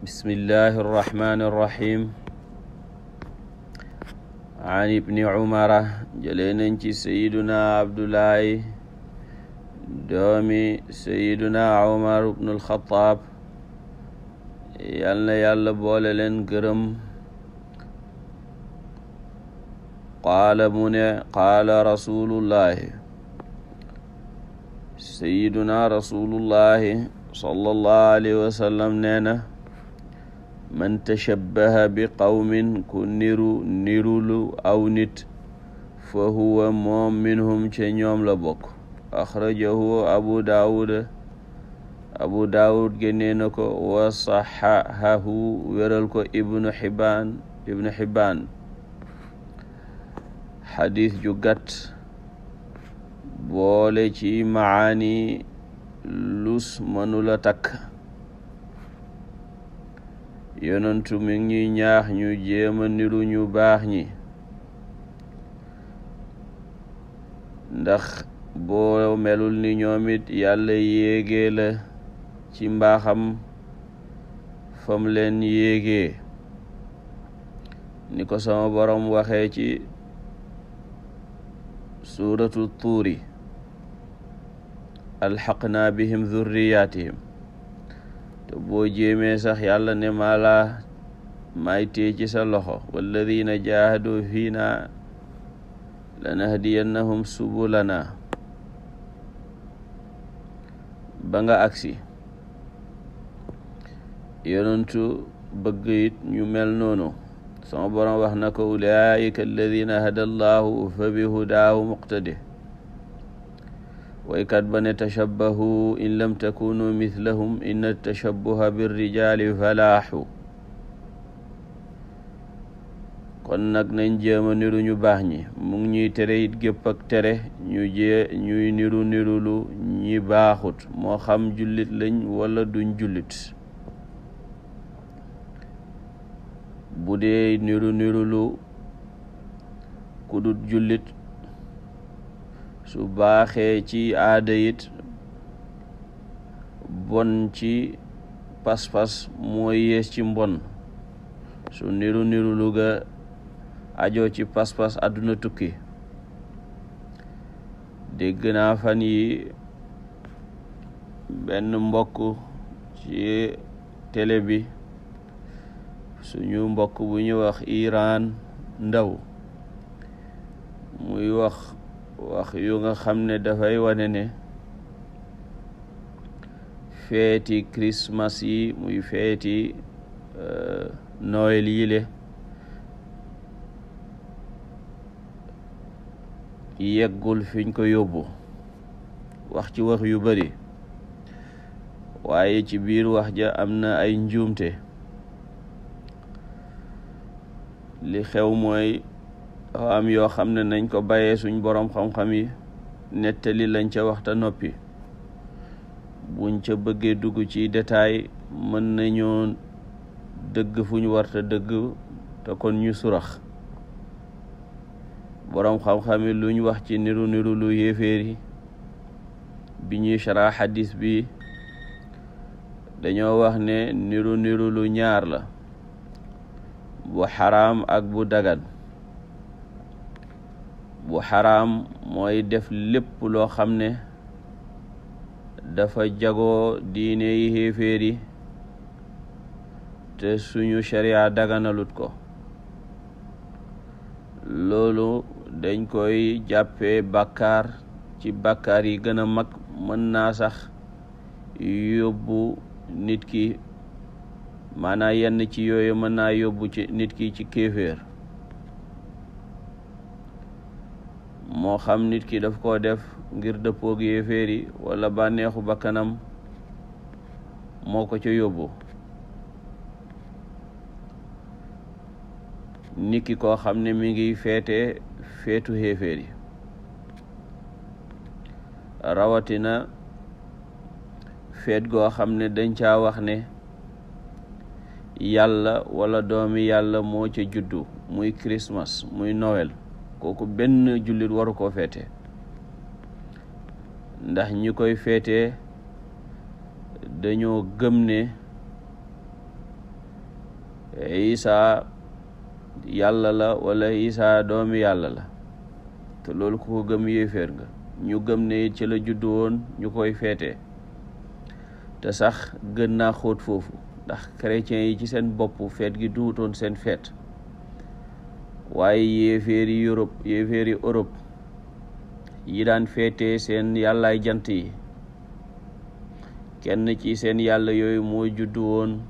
bismillahi irrahmani irrahim an ibni umara jëlee nañ ci sayiduna abdullahi doomi sayiduna umar ibnu alxataab yal na yàlla boole leen gërëm qaala mu ne qaala rasulullahi sayiduna rasulullahi sallallahu alayhi wasallam nee na man tashabbaha bi qawmin ku niru nirulu aw nit fa huwa moom minhum ci ñoom la bokk axrajahu abu daawuda abu daawud génnee na ko wa saxahahu wéral ko ibnu xibaan ibnu xibaan xadis ju gàtt boole ci maani lus mënula takk yonentu mi ngi ñaax ñu jéema niru ñu baax ñi ndax boo melul ni ñoom it yàlla yéegee la ci mbaaxam fam leen yéegee ni ko sama borom waxee ci suuratu tuuri alxaqnaa bihim dhurriyatihim te boo jéemee sax yàlla ne maa laa maay téye ci sa loxo walladina jaahadu fiina lanahdiyannahum subulana ba nga agsi yonentu bëgg ñu mel noonu sama borom wax na ko ulaika alladina allahu fa bi hudaahu waykat ba ne tashabbahu in lam takunu mithlahum inna tashabbuha birrijali falaahu kon nag nañ jéem a ñu baax ñi mu ngi ñuy tere it gépp ak tere ñu jee ñuy niru nirulu ñi baaxut moo xam jullit lañ wala duñ jullit bu dee niru nirulu jullit su baaxee ci aada it bon ci pas-pas moo yées ci mbon su niru niru lu ajoo ci pas-pas àdduna tukki dégg naa fan yi benn mbokk ci télé bi suñu mbokk bu ñu wax Iran Ndaw muy wax wax yu nga xam ne dafay wane ne feeti Christmas yi muy feeti euh, Noël yi le yeggul fiñ ko yóbbu wax ci wax yu bari waaye ci biir wax ja am na ay njuumte li xew mooy dafa am yoo xam ne nañ ko bàyyee suñ boroom xam-xam yi nettali lañ ca waxta noppi buñ ca bëggee dugg ci détail mën nañoo dëgg fu ñu warta dëgg te kon ñu surax boroom xam-xam yi luñ wax ci niru niru lu yéeféer yi bi ñuy chara xadis bi dañoo wax ne niru niru lu ñaar la bu xaraam ak bu dagan bu xaraam mooy def lépp loo xam ne dafa jagoo diine yi xéeféer te suñu sharia daganalut ko loolu dañ koy jàppe bàkkaar ci bàkkaar yi gën a mag mën naa sax yóbbu nit ki maanaa yenn ci yooyu mën naa yóbbu ci nit ki ci kéeféer moo xam nit ki daf ko def ngir dëppoog yéeféer yi wala bànneexu bakkanam moo ko ca yóbbu nit ki koo xam ne mu ngi feete feetu xéeféer yi rawatina feet goo xam ne dañ caa wax ne yàlla walla doomi yàlla moo ca juddu muy Christmas muy nowel kooku benn jullit waru koo feete ndax ñi koy feete dañoo gëm ne Isa yàlla la walla Isa doomi yàlla la te loolu ku ko gëm yéeféer nga ñu gëm ne ci la juddu woon ñu koy feete te sax gën naa xóot foofu ndax chrétiens yi ci seen bopp feet gi duutoon seen feet waaye yéeféeri Europe yéeféeri Europe yi daan féete seen yàllaay jant yi kenn ci seen yàlla yooyu moo juddu woon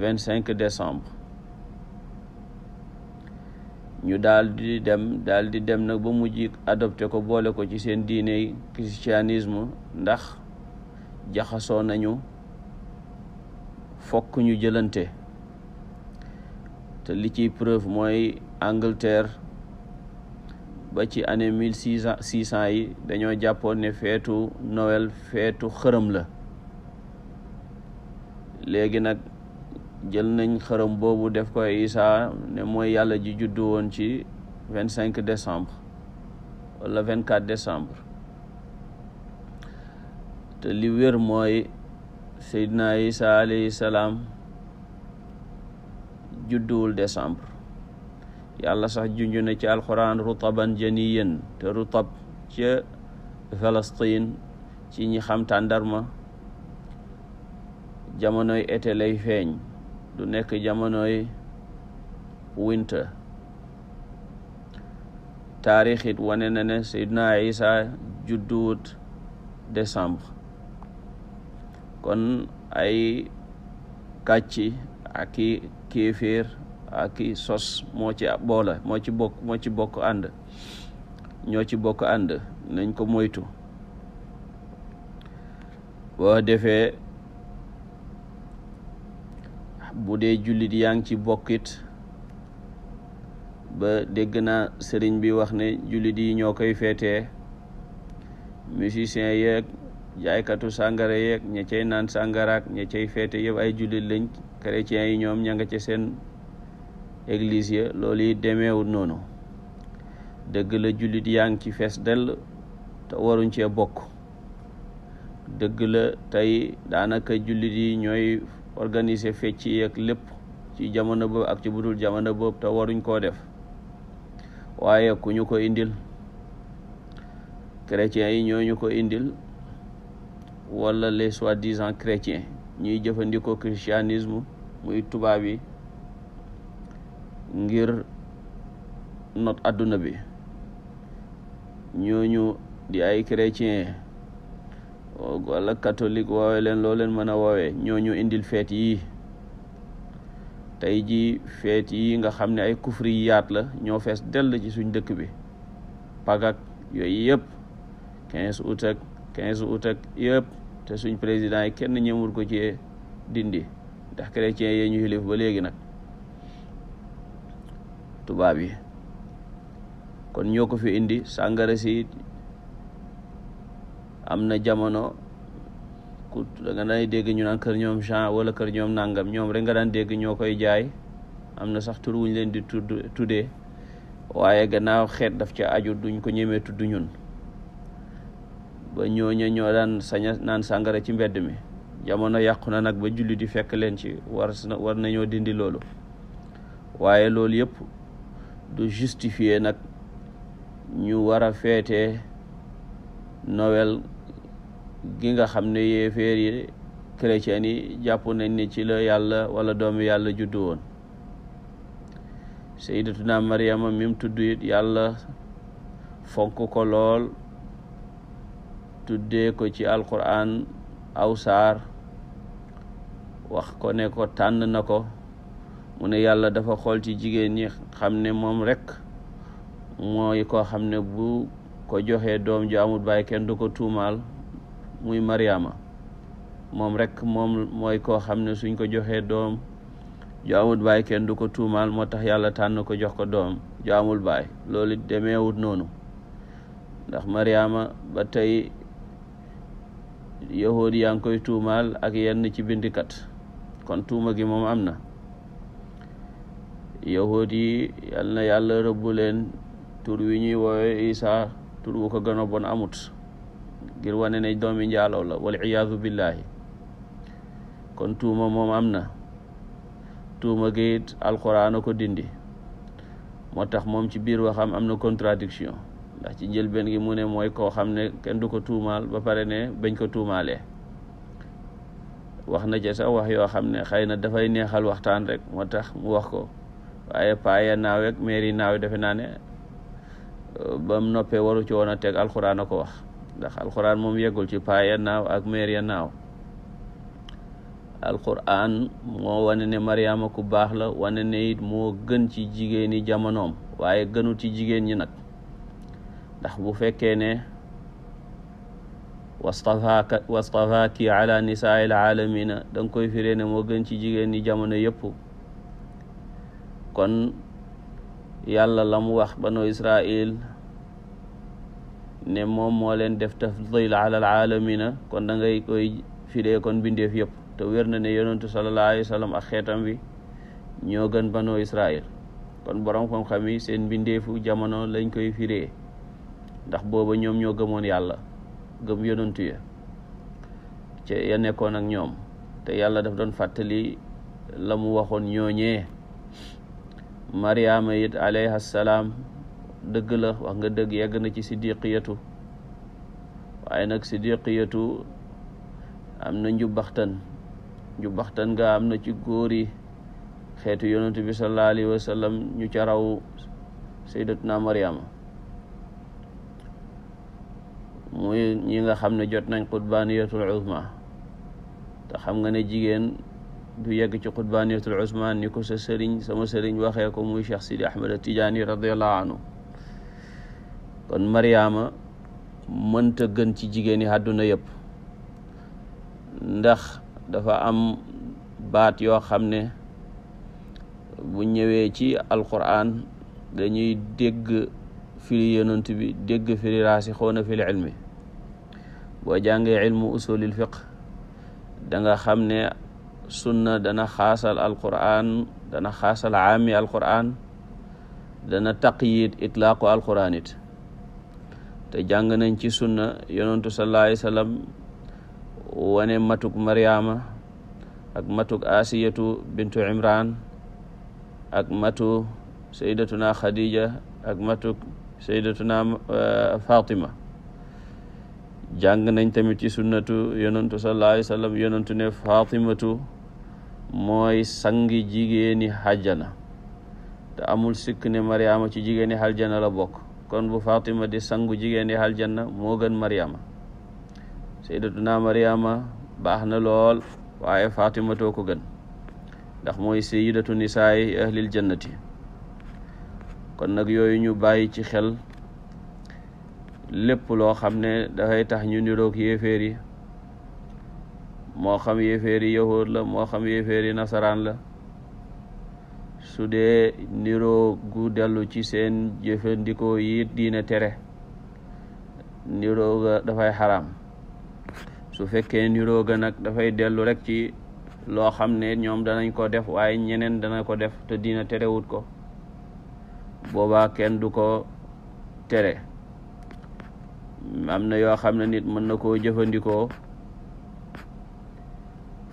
vingt cinq décembre ñu daal di dem daal di dem nag ba mujj adopté ko boole ko ci seen diine christianisme ndax jaxasoo nañu fokk ñu jëlante te li ciy preuve mooy Angleterre ba ci année mille six cent six cent yi dañoo jàppoon ne feetu Noël feetu xërëm la léegi nag jël nañ xërëm boobu def ko Isaa ne mooy yàlla ji juddu woon ci vingt cinq décembre wala vingt quatre décembre te li wér mooy Seydina Isaa alayhi salaam judduwul décembre yàlla sax junj ci alxuraan rutaban janiyan te rutab ca Palestine ci ñi xam tàndarma jamonoy été lay feeñ du nekk jamonoy winter taarix it wane na ne Seydina Isa judduwut décembre kon ay kàcci ak i kéeféer ak sos moo ci boole moo ci bokk moo ci bokk ànd ñoo ci bokk ànd nañ ko moytu boo defee bu dee jullit yaa ngi ci bokkit ba dégg naa sëriñ bi wax ne jullit yi ñoo koy feetee musicien yeeg jaaykatu sàngara yeeg ña cay naan sàngaraak ña cay feete yëpp ay jullit lañ chrétiens yi ñoom ña nga ca seen eglisier loolu yi demeewul noonu dëgg la jullit yaa ngi ci fees dell te waruñ cee bokk dëgg la tey daanaka jullit yi ñooy organiser fecc yeeg lépp ci jamono boobu ak ci budul jamono boobu te waruñ koo def waaye ku ñu ko indil chrétiens yi ñoo ñu ko indil wala les soi-disant chrétiens ñuy jëfandikoo christianisme muy tubaab yi ngir not àdduna bi ñooñu di ay chrétien wala catholique woowe leen loo leen mën a woowee ñooñu indil feet yi tey ji feet yi nga xam ne ay kufri yaat la ñoo fees dell ci suñ dëkk bi pagak yooyu yëpp quinze ak quinze ak yëpp te suñ président yi kenn ñëmul ko ci dindi ndax ci yee ñu xilif ba léegi nag tubaab yi kon ñoo ko fi indi sàngara si am na jamono ku nga daan dégg ñu naan kër ñoom Jean wala kër ñoom nangam ñoom rek nga daan dégg ñoo koy jaay am na sax tur wuñ leen di tudd tuddee waaye gannaaw xeet daf ci aju duñ ko ñemee tudd ñun ba ñooña ñoo daan saña naan sàngara ci mbedd mi jamono yàqu na nag ba julli di fekk leen ci war nañoo dindi loolu waaye loolu yëpp du justifier nag ñu war a feetee Noël gi nga xam ne yéeféer yi chrétiens yi jàpp nañ ni ci la yàlla wala doom yàlla juddu woon na Maryama mim tudd it yàlla fonk ko lool tuddee ko ci alquran aw saar wax ko ne ko tànn na ko mu ne yàlla dafa xool ci jigéen ñi xam ne moom rek mooy koo xam ne bu ko joxe doom ju baay kenn du ko tuumaal muy Mariama moom rek moom mooy koo xam ne suñ ko joxee doom ju amul baay du ko tuumaal moo tax yàlla tànn ko jox ko doom ju amul baay loolu wut noonu ndax Mariama ba tey yahuud yaa ngi koy tuumaal ak yenn ci bindikat kon tuuma gi moom am na yahud yi yal na yàlla rëbbu leen tur wi ñuy woowee isa tur wu ko gën a bon amut ngir wane ne doomi njaalaw la wal iyaadu billahi kon tuuma moom am na tuuma gi it alquran a ko dindi moo tax moom ci biir waxam am na contradiction ndax ci njëlbeen gi mu ne mooy koo xam ne kenn du ko tuumaal ba pare ne bañ ko tuumaalee wax na ci sax wax yoo xam ne xëy na dafay neexal waxtaan rek moo tax mu wax ko waaye paaya naaw ak mairie naaw defe naa ne euh, ba noppee waru ci woon a teg alxuraan a ko wax ndax alxuraan moom yeggul ci paya naaw ak mairie naaw alxuraan moo wane ne Mariama ku baax la wane ne it moo gën ci jigéeni jamonoom waaye gënul ci jigéen ñi nag ndax bu fekkee ne wastafaaka wastafaaki ala nisaa'il aalamina danga koy firee ne moo gën ci jigéen ñi jamono yëpp kon yàlla la mu wax banu israil ne moom moo leen def tafdil ala alaalamina kon da ngay koy firee kon bindeef yëpp te wér na ne yonentu sallallahu alayhi wa sallam ak xeetam bi ñoo gën banu israil kon borom xam-xam yi mbindeefu jamono lañ koy firee ndax booba ñoom ñoo gëmoon yàlla gëm yonantu ya ca ya nekkoon ak ñoom te yàlla daf doon fàttali la mu waxoon ñooñee mariama it alayha salaam dëgg la wax nga dëgg yegg na ci siddiqiyatu waaye nag siddiqiyatu am na njubbaxtan njubbaxtan nga am na ci góor yi xeetu yonantu bi sallallahu alayhi wa ñu ca raw naa mariama muy ñi nga xam ne jot nañ xutbaaniyatul uzma te xam nga ne jigéen du yegg ci xutbaaniyatul uzma ni ko sa sëriñ sama sëriñ waxee ko muy Cheikh Sidi Ahmed Tijaani radiallahu anhu kon mariyama mënta gën ci jigéen yi àdduna yëpp ndax dafa am baat yoo xam ne bu ñëwee ci alquran dañuy dégg firi yonent bi dégg firi raasixoona fil ilmi boo jàngee ilmu usulil fiq danga xam ne sunna dana xaasal alquran dana xaasal aami dana taqyid itlaaqu alquran it te jàng nañ ci sunna yonentu sallallahu alayhi wasallam wane matuk mariama ak matuk asiyatu bintu imran ak matu sayyidatuna khadija ak matuk sayyidatuna eh, fatima jàng nañ tamit ci sunnatu yonantu sallallahu alayhi wa sallam yonantu ne fatimatu te amul sikk ne ci jigéeni xàjjana la bokk kon bu fatima di sangu jigéeni xàjjana moo gën mariama sayyidatuna baax na lool waaye fatimatoo ko gën ndax mooy sayyidatu nisaa ahlil jannati kon nag yooyu ñu bàyyi ci xel lépp loo xam ne dafay tax ñu niroog yéeféer yi moo xam yéeféer yi yahuud la moo xam yéeféer yi nasaraan la su dee niroo gu dellu ci seen jëfandikoo yi diina tere niroo dafay xaram su fekkee niroo ga nag dafay dellu rek ci loo xam ne ñoom danañ ko def waaye ñeneen dana ko def te diine terewut ko boobaa kenn du ko tere am na yoo xam ne nit mën na koo jëfandikoo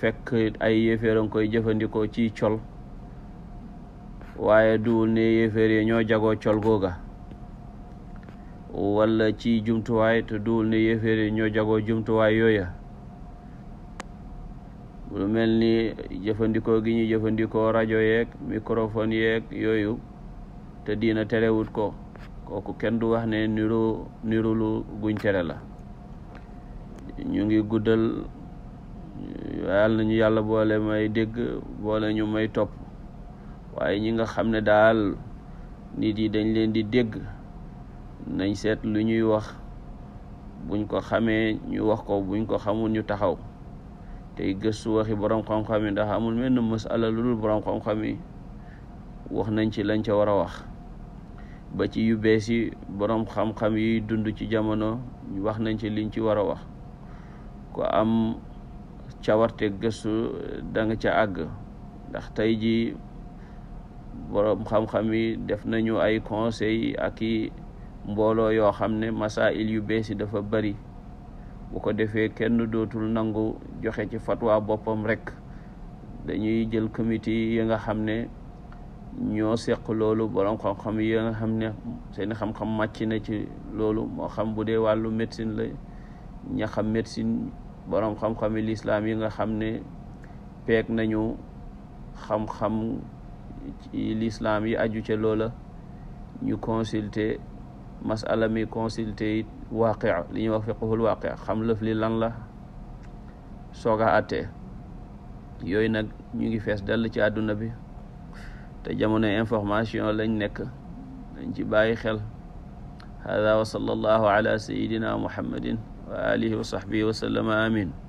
fekk ay yéeféer koy jëfandikoo ci col waaye duwul ne yéeféer yi ñoo jagoo col googa wala ci jumtuwaay te duwul ne yéeféer yi ñoo jagoo jumtuwaay yooya lu mel ni jëfandikoo gi ñuy jëfandikoo rajo yeeg microphone yeeg yooyu te diina terewut ko kooku kenn du wax ne niroo nirulu guñ tere la ñu ngi guddal yàlla nañu yàlla boole may dégg boole ñu may topp waaye ñi nga xam ne daal nit yi dañ leen di dégg nañ seet lu ñuy wax buñ ko xamee ñu wax ko buñ ko xamul ñu taxaw tey gëstu waxi boroom xam-xam yi ndax amul menn masala lu dul borom xam-xam yi wax nañ ci lañ ca war a wax ba ci yu bees yi boroom xam-xam yuy dund ci jamono wax nañ ci liñ ci war a wax ko am cawarte gëstu danga ca àgg ndax tey ji boroom xam-xam yi def nañu ay conseil ak mbooloo yoo xam ne masail yu bees yi dafa bari bu ko defee kenn dootul nangu joxe ci fatwa boppam rek dañuy jël comité yi nga xam ne ñoo seq loolu borom xam-xam yi nga xam ne seen xam-xam màcc na ci loolu moo xam bu dee wàllu médecine la ñaxam xam médecine borom xam-xam yi lislaam yi nga xam ne peeg nañu xam-xam lislaam yi aju ca loola ñu consulter masala mi consulter it waaqia li ñuy wax fiqhul waaqia xam lëf li lan la soog a àtte yooyu nag ñu ngi fees dell ci àdduna bi te jamono information lañ nekk dañ ci bàyyi xel hada wa sallallahu ala sayidina muhammadin wa alihi wa sahbihi wa sallama amin